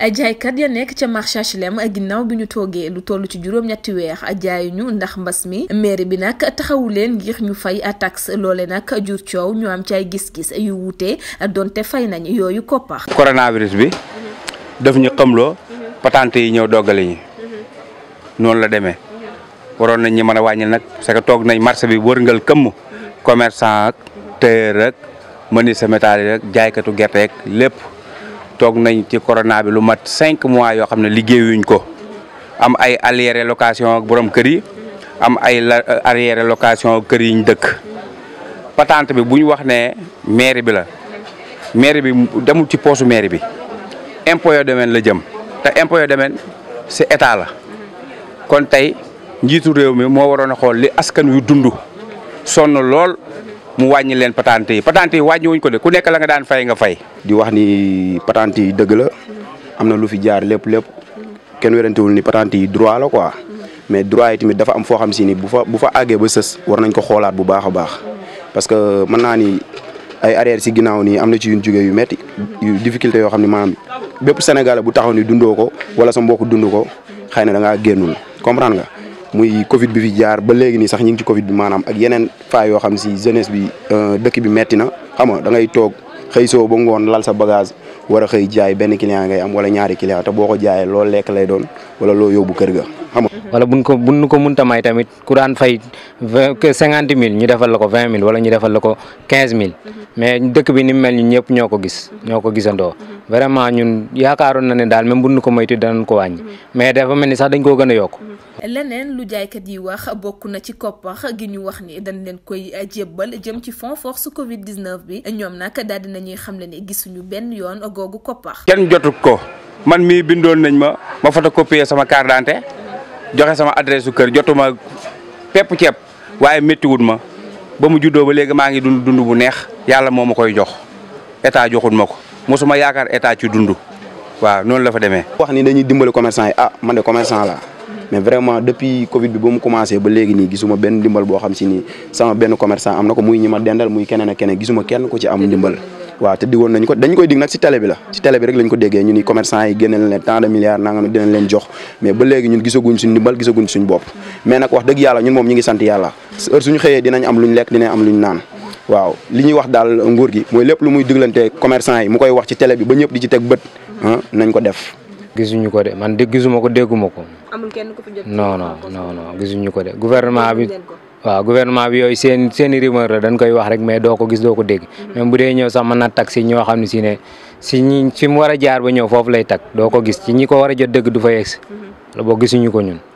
ay jaaykat ya nekk ca marché ak H&M ginnaaw bi ñu toogee lu toll ci juróom-ñetti weer jaayuñu ndax mbas mi maire bi nag taxawu leen ngir ñu fay taxe loole nag jur coow ñu am ci ay gis-gis yu wuute donte fay nañ yooyu koppar. coronavirus bi daf ñu xamloo mhm. patente yi ñëw doggale ñi mhm. noonu la demee mhm. waroon nañ ñi mën a wàññil nag parce que toog nañ marché bi wërngal këmm commerçant ak tailleur ak menuisier métal ak jaaykatu gerte lépp. toog nañ ci corona bi lu mat cinq mois yoo xam ne liggéeyuñ ko am ay arriéré location ak borom kër yi am ay euh, arriéré location kër yiñ dëkk patant bi bu ñu wax ne mairie bi la mairie bi demul ci poosu mairie bi impôt yoo domaine la jëm te impôt yoo domaine ci état la kon tey njiitu réew mi moo waroon a xool li askan wi dund sonn lool mu wàññi leen patente yi patente yi wàññi wuñ ko de ku nekk la nga daan fay nga fay. di wax ni patente yi dëgg la am na lu fi jaar lép lépp kenn werantewul ni patente yi droit la quoi mais droit yi tamit dafa am foo xam si ni bu fa bu fa àggee ba sës war nañ ko xoolaat bu baax a baax parce que mën naa ni ay arrière si ginnaaw ni am na ci yuñ jógee yu metti yu difficulté yoo xam ne maanaam bépp Sénégalais bu taxaw ni dundoo ko wala sa mbokk dund ko xëy na da ngaa génnul comprendre nga. muy Covid bi fi jaar ba léegi ni sax ñu ngi ci Covid bi maanaam ak yeneen faa yoo xam si jeunesse bi euh, dëkk bi metti na xam nga da ngay toog xëy soo ba ngoon lal sa bagage wara xëy jaay benn client ngay am wala ñaari client te boo ko jaayee loolu lekk lay doon wala loo yóbbu kër ga. xam wala buñ ko buñ ko mënta may tamit ku daan fay cinquante mille ñu defal la ko vingt mille wala ñu defal la ko quinze mille mhm. mais dëkk bi ni mel ñun ñëpp ñoo ko gis ñoo ko gisandoo mhm. vraiment ñun yaakaaroon na ne daal même buñ ko moytu danañ ko wàññi mhm. mais dafa mel ni sax dañ koo gën a yokk. leneen lu jaaykat yi wax bokk na ci koppax gi ñu wax ni dañ leen koy jébbal jëm ci fond force Covid 19 bi ñoom nag daal dinañuy xamle ne gisuñu benn yoon a googu koppax. kenn jotu ko man mii bindoon nañ ma ma photocopier sama carte d'identité joxe sama adresse su kër jotuma pepp ceeb waaye méttiwut ma ba mu juddoo ba léegi maa ngi dund dund bu neex yàlla moo ma koy jox état joxut ma ko mosuma yaakaar état ci dund waaw noonu la fa demee. wax ni dañuy dimbali commerçant yi ah man de commerçant la mais vraiment depuis Covid bi ba mu commencé ba léegi nii gisuma benn dimbal boo xam si ni sama benn commerçant am na ko muy ñi ma dendal muy keneen ak keneen gisuma kenn ku ci am dimbal. waaw te digoon nañ ko dañ koy dig nag si télé bi la si télé bi rek lañ ko déggee ñu ni commerçant yi génne leen tant de milliards nangam dinañ leen jox mais ba léegi ñun gisaguñ suñ ndimbal gisaguñ suñ bopp mais nag wax dëgg yàlla ñun moom ñu ngi sant yàlla heure suñu xëyee dinañ am luñ lekk dinañ am luñ naan waaw li ñuy wax daal nguur gi mooy lépp lu muy diglante commerçant yi mu koy wax ci télé bi ba ñëpp di ci teg bët ah, nañ ko def gisuñu ko de man de gisuma ko dégguma ko. amul kenn ku fi gisuñu ko de gouvernement waaw gouvernement bi yooyu seen seen i la dañ koy wax rek mais doo ko gis doo ko dégg même bu dee ñëw sax mën na tag si ñoo xam ne si ne si ñi fi mu war a jaar ba ñëw foofu lay tag doo ko gis ci ñi ko war a jot dëgg du fa yegsi la mhm. boo gisuñu ko ñun